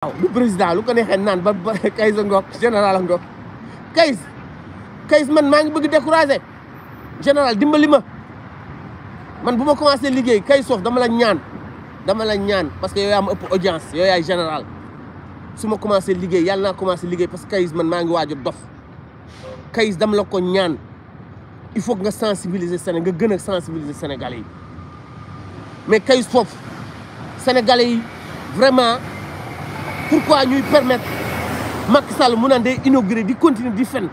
waaw lu président lu ko neexee naan ba ba Kayz Ngok général a Ngok Kayz kayis man maa ngi bëgg découragé général dimbali ma man bu ma commencé liggéey Kayz Sof dama la ñaan dama la ñaan parce que yow yaa ma ëpp audience yow yaay général su ma commencé liggéey yàlla naa commencé liggéey parce que Kayz man maa ngi waaj a dof kayis dama la ko ñaan il faut nga sensibiliser Sénégal gën a sensibiliser Sénégalais yi mais Kayz Fof Sénégalais yi vraiment. pourquoi ñuy permettre Macky Sall mu naan day inauguré di continuer di fen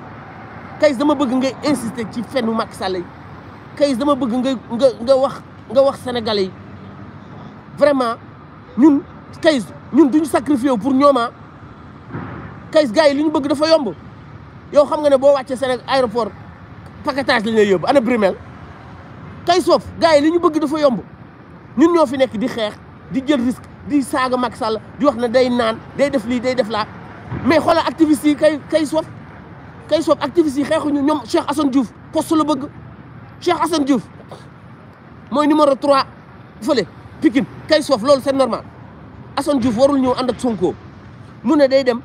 Kayz dama bëgg nga insister ci fenu Macky Sall yi dama bëgg nga nga nga wax nga wax sénégalais yi vraiment ñun Kayz ñun duñu sacrifié pour ñooma ah. Kayz gars yi li ñu bëgg dafa yomb yow xam nga ne boo wàccee Sénégal aéroport paquetage la ñuy yóbbu ana brimel Kayz Fof gars yi li ñu bëgg dafa yomb ñun ñoo fi nekk di xeex di jël risque di saaga Macky Sall di wax na day naan day def lii day def laa mais xoolal activistes yi kay kay sof kay sof activistes yi xeexuñu ñoom Cheikh Assane Diouf poste la bëgg Cheikh Assane Diouf mooy numéro 3 fële Pikine kay soof loolu c'est normal Assane Diouf warul ñëw ànd ak Sonko mu ne day dem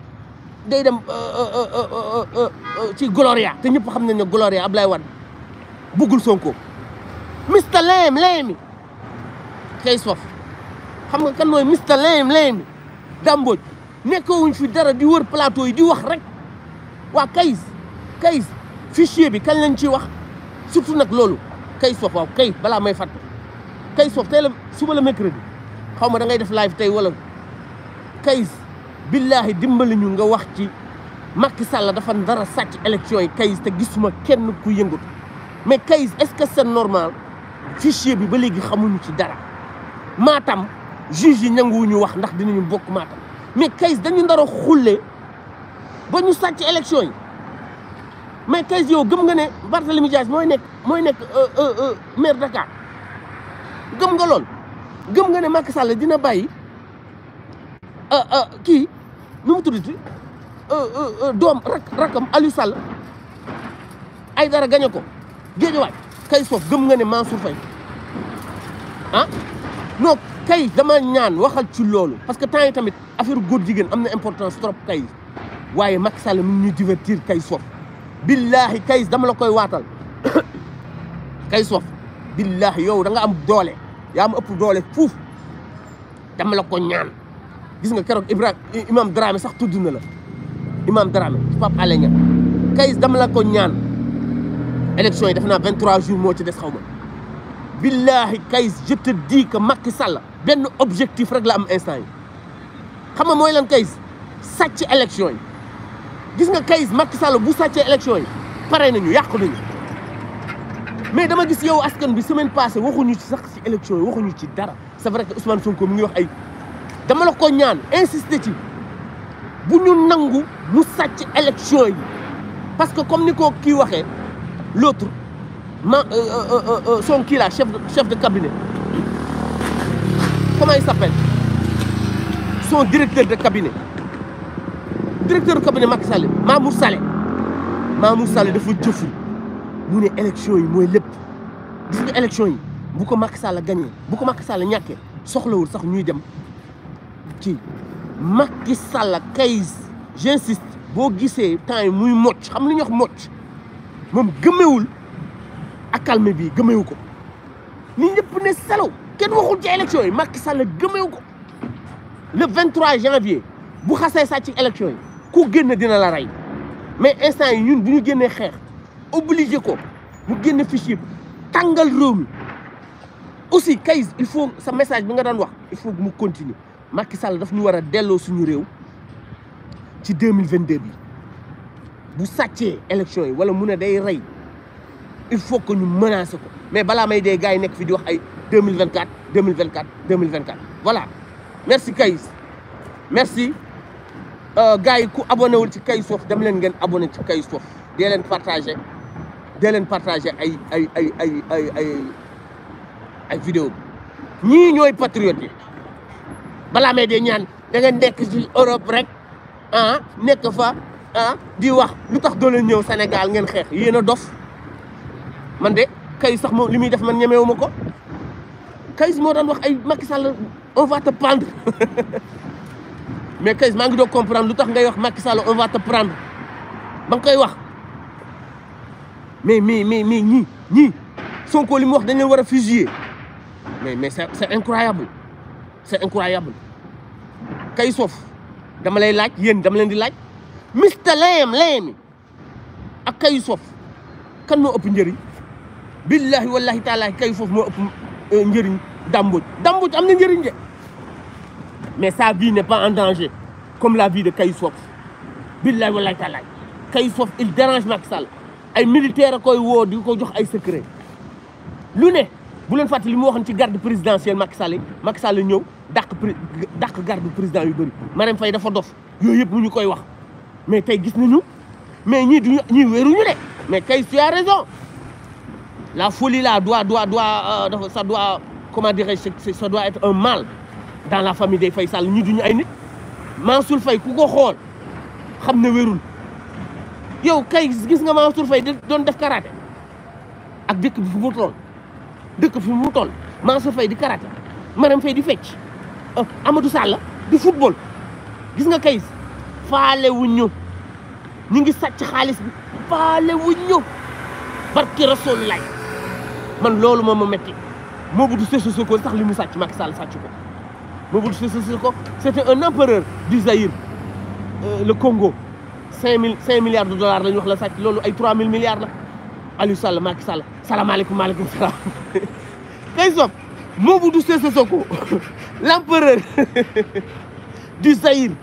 day dem euh, euh, euh, ci Gloria te ñëpp xam nañ ne Gloria Ablaye Wade buggul Sonko mister layem layemi kay sof xam nga kan mooy mister layem layem dàmbooj nekkowuñ fi dara di wër plateau yi di wax rek waa kayis kayis fichier bi kañ lañ ciy wax surtout nag loolu kayis foofu waaw kayis balaa may fàtt kayis foofu tey la suba la mercredi xaw ma da ngay def live tey wala kayis billaahi dimbali ñu nga wax ci Macky Sall dafa dara sàcc élection yi kayis te gisuma kenn ku yëngut mais kayis est-ce que seen normal fichier bi ba léegi xamuñu ci dara maatam juge yi nanguwuñu wax ndax dinañu bokk mais Kayz dañu ndara ba ñu sacc élection mais Kayz yow gëm nga Barthélemy moy euh euh euh maire Dakar gëm nga lool gëm nga Macky Sall dina euh, euh, nu mu euh, euh dom rak rakam Aliou Sall ay dara ko waay Kays, Fof gëm nga ah? non tay dama ñaan waxal ci loolu parce que tay tamit affaire góor jigen amna importance trop kay waye mak Sall mu ñu divertir kay sof billahi kay dama la koy watal kay sof billahi yow da nga am doole ya am ëpp doole fuuf dama la ko ñaan gis nga kérok Ibrahima Imam Dramé sax tuddu na la Imam Dramé pap Alé kay dama la ko ñaan élection yi def naa 23 jours mo ci dess xawma billahi kais, je te dis que Macky Sall ben objectif rek la am instant yi xam nga moy lan kay satch élection yi gis nga kay Macky Sall bu satch election yi pare nañu yàqu nañu mais dama gis yow askan bi semaine passée waxuñu ci sax ci élection yi waxuñu ci dara c'est vrai que Ousmane Sonko mu ngi wax ay dama la ko ñaan insister ci bu ñu nangu mu satch élection yi parce que comme niko ki waxé l'autre euh, euh, euh, son qui là chef de chef de cabinet comment il s'appelle son directeur de cabinet directeur de cabinet Macky Sall Mamour Sall Mamour Sall dafa jëful mu une élection yi moy lepp. élection yi bu Macky Sall gagné bu Macky Sall ñaké, soxlawul sax ñuy dem ci Macky Sall j'insiste vous avez temps muy moch, xam lu ñox accalmie bi gëmewu ko ni ñëpp ne salaw kenn waxul ci élection yi Macky Sall gëmewu ko le 23 janvier bu xasee sa ci élection yi ku génn dina la ray mais instant yi ñun duñu ñu xex obligé ko mu génne fichier tangal room aussi kay il faut sa message bi nga daan wax il faut mu continuer Macky Sall daf ñu wara a suñu réew ci 2022 bi bu sàccee élection yi wala mu ne day ray il faut que nous menacer mais bala may gars 2024 2024 2024 voilà merci Kaïs. merci euh, gars yi ku abonné ci dem abonné ci partager vidéo ñi ñoy patriote may Europe rek ah nek fa ah di wax lu tax Sénégal man de kayis sax moom li muy def man ñemewu ma ko kayis moo daan wax ay Macky Sall on va te prendre mais kayis maa ngi doog comprendre lu tax ngay wax Macky Sall on va te prendre ba nga koy wax mais mais mais mais ñii ñii Sonko li mu wax dañ war a fusiller mais mais c'est c'est incroyable c'est incroyable kayis soof dama lay laaj yéen dama leen di laaj mista layem layemi ak kayis soof kan moo ëpp njëriñ billahi wallahi taala kay foofu mo ëpp euh, njëriñ damboj damboj am na njëriñ de mais sa vie n'est pas en danger comme la vie de kayu foofu billahi wallahi taala kay foofu il dérange Macky Sall ay militaire koy wo diko jox ay secret lu ne bu len fàttali mo waxon ci garde présidentielle Macky Sall Macky Sall ñëw garde président yu bëri Marème fay dafa dof yooyu yëpp mu ñu koy wax mais tay gis nañu mais ñi ñi wëru ñu dé mais kay a raison la folie là doit, doit, doit, euh, ça doit, comment dirais ça doit être un mal dans la famille des faits. Sall ñu faire. ay nit Mansour Fay, ko ne wérul yow kay gis nga Mansour Faye doon def karaté ak dekk fu mu toll dekk fu mu toll Mansour Fay di karaté fay di fecc euh, Amadou football gis nga kay ngi bi man loolu moom ma metti Mobutu Sese Seko sax li mu sàcc Macky Sall sàcc ko Mobutu Sese Seko c' était un empereur du Zaïre le Congo cinq mille cinq milliards de dollars lañ wax la sàcc loolu ay trois mille milliards la Aliou Sall Macky Sall salaamaaleykum maaleykum salaam kay sob Mobutu Sese Seko l' empereur du Zaïre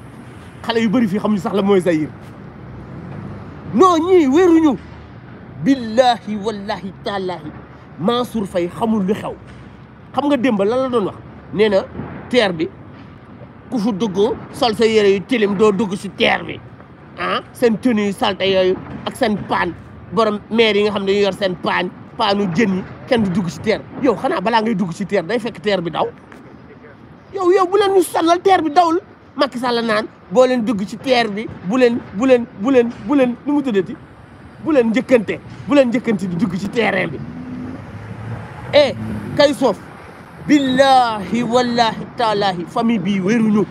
xale yu bëri fii xamuñu sax la mooy Zaïre non ñii wéruñu billahi wallahi taalahi Mansour fay xamul li xew xam nga demba lan la doon wax neena terre bi ku fu dugg sol sa yere yu tilim do dugg si terre bi ah sen tenue salta salte ak sen pan borom maire yi nga xam ne yor sen pan panu jën kenn du dugg si terre yow xana bala ngay dugg si terre day fekk terre bi daw yow yow bu len ñu sanal terre bi dawul Macky Sall naan bo len dugg ci terre bi bu len bu len bu len bu len nu mu tuddati bu len jëkënte bu len jëkënte di dugg ci terrain bi eh kay soof billahi wallahi taalahi famille bii wéruñu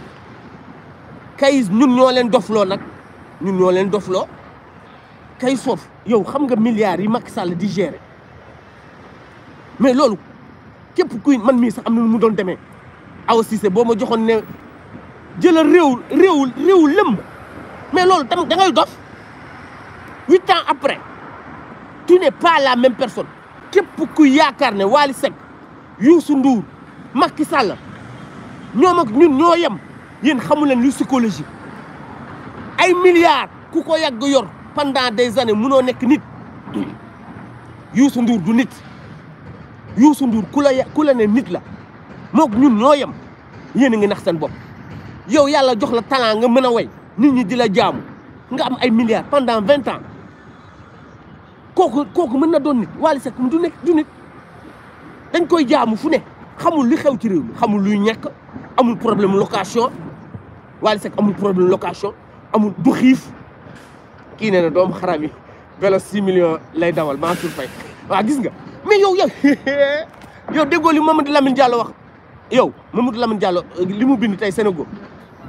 kay ñun ñoo leen dofloo nag ñun ñoo leen dofloo kay soof yow xam nga milliards yi Macky Sall di gérer mais lolu képp kuy man mi sax amna mu doon démé aw Cissé c'est boma joxone ne jël réw réw réw lëmb mais lolu tam da ngay dof 8 ans après tu n'es pas la même personne képp ku yaakaar ne Wally Seck Youssou Ndour Macky Sall ñoom ak ñun ñoo yem yéen xamu leen lu ay milliards ku ko yàgg yor pendant des années munoo nekk nit Youssou Ndour du nit Youssou Ndour ku la ne nit la mook ñun ñoo yem yéen a ngi nax seen bopp yow yàlla jox la talent nga mën a way nit ñi di la jaamu nga am ay milliards pendant vingt ans kooku kooku mën na doon nit Wally Seck du nekk du nit dañ koy jaamu fu ne xamul li xew ci réew mi xamul lu ñàkk amul problème location Wally Seck amul problème location amul du xiif kii nee na doomu xaram yi vélo six millions lay dawal Mansour Faye waa gis nga mais yow yow yow déggoo li Mamadou Lamine Diallo wax yow Mamadou Lamine Diallo li mu bind tey Sénégal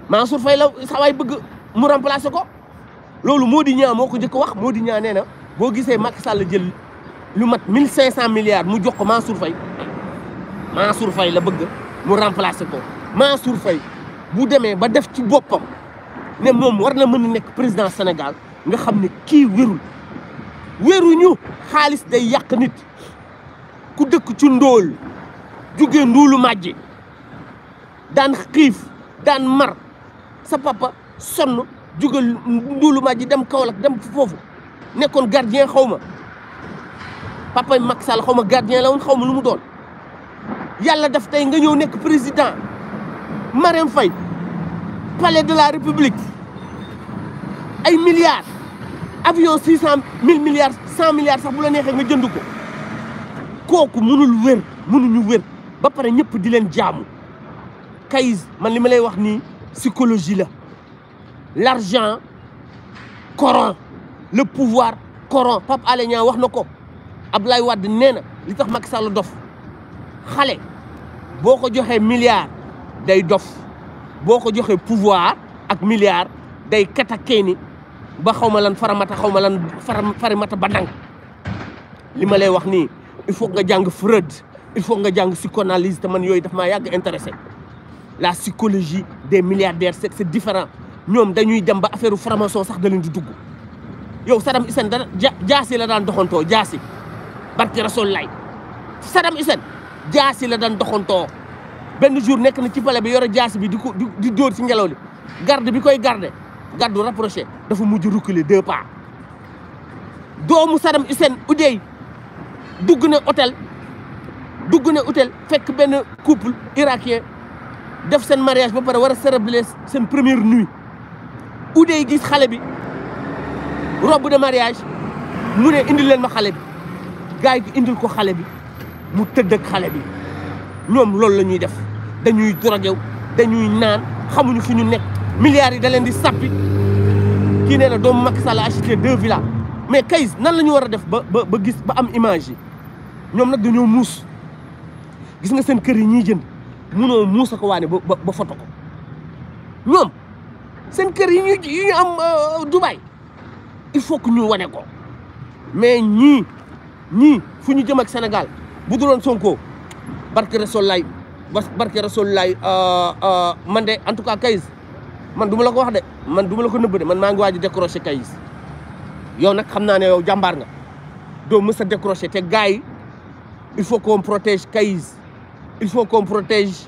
Mansour Faye la sawaay bëgg mu remplacer ko loolu moo di ñaa moo ko njëkk wax moo di ñaa nee na bo gisé Macky Sall jël lu mat mille cent milliards mu jox ko Mansour Faye Mansour Faye la bëgg mu remplacer ko Mansour Faye bu démé ba def ci bopam ne mom war na mën a président Sénégal nga xamné ne kii wëru ñu xaaliss day yak nit ku dëkk ci ndóol juggé nduulu màjji dan xif dan mar sa papa sonu juggal nduulu màjji dem kawlak dem fofu Nous gardien xawma papa Sall gardien la xawma lu mu doon daf nga président Marème Fay..! palais de la république ay milliards avion 600 1000 milliards 100 milliards sax bu la nga mënul ba ñëpp di leen jaamu man wax psychologie la l'argent Coran..! le pouvoir corrompt Pape Alé Niang wax na ko Abdoulaye Wade nee li tax Macky Sall dof Xalé boko ko joxee milliard day dof Boko ko pouvoir ak milliard day katakeeni ba xawma lan faramata xawma lan faramata ba dang lay wax ni, il faut nga jang Freud il faut nga jàng psychanalyse te man yoy daf ma yag intéressé la psychologie des milliardaires c'est différent ñoom dañuy dem ba affaire franc-maçon sax da leen di dugg yow Saddam Hussein dana jaasi la daan doxantoo jaasi barke rasul lay Saddam Hussein jaasi la daan doxantoo benn jour nekk na ci pale bi yore jaasi bi di ko di dóor ci ngelaw li garde bi koy garde gardu rapproché dafa mujj reculer deux pas doomu Saddam Hussein Oudey dugg na hôtel dugg na hôtel fekk benn couple irakien def seen mariage ba pare war a célébrer seen première nuit Oudey gis xale bi robe de mariage mu ne indil leen ma xale bi gaay gi indil ko xale bi mu teud ak xale bi ñoom loolu la ñuy def dañuy drogué dañuy naan xamuñu fi ñu nek milliards yi da len di sappi ki nee na doomu Macky Sall acheté deux villas mais kayis nan la ñu war def ba ba gis ba am image yi ñoom nag dañoo muus gis nga seen kër yi ñi jënd mëno muusa ko waane ba ba foto ko ñoom seen kër yi ñu am Dubaï il faut que nous wane mais nous, nous, sommes de Sénégal Sonko barke barke sommes euh, euh, en tout cas Kayz man ne wax de man décrocher Kayz yow sommes que ne yow gars il faut qu'on protège Kayz il faut qu'on protège